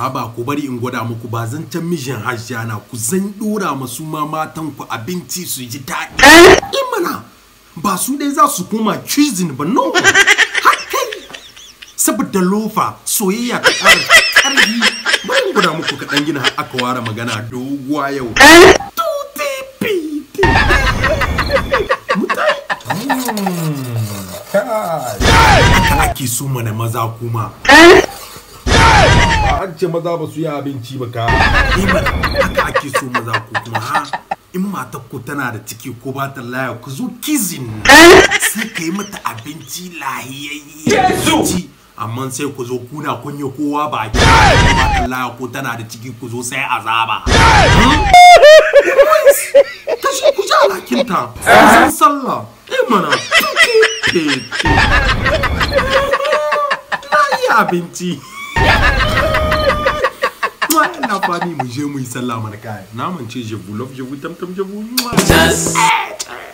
haba ku bari in gwada muku ba zancen mijin hajji na ku zan dora masu ma matan ku abinci su ji daɗi imana eh? eh, ba su dai za su koma cuisine ba no hakai saboda lofa soyayya ta ƙara ƙarfi bari in gwada muku kaɗan gina aka ware magana doguwa yau eh? hmm. Kai! Ake so mana maza kuma. an ce maza ba su yi abinci ba ka imar haka ake so maza ko kuma ha in matar ku tana da ciki ko ba ta laya ku zo kizin sai ka yi mata abinci lahiyayye amma sai ku zo kuna kunye kowa ba ki ba ta laya ko tana da ciki ku zo sai azaba kashi ku ji eh, na abinci Moi, la famille, moi, j'aime, moi, salam, moi, kai. Non, moi, je vous je vous tam tam, je vous. Just. Eh, eh.